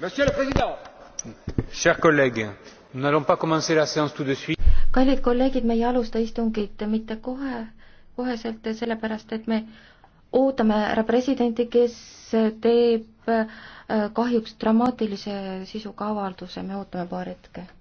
Monsieur le Président. Chers collègues, nous n'allons pas commencer la séance tout de suite. kallid kolleegid, me ei alusta istungit mitte kohe, koheselt, sellepärast et me ootame härra presidenti, kes teeb eh, kahjuks dramaatilise sisuga avalduse, me ootame paar hetke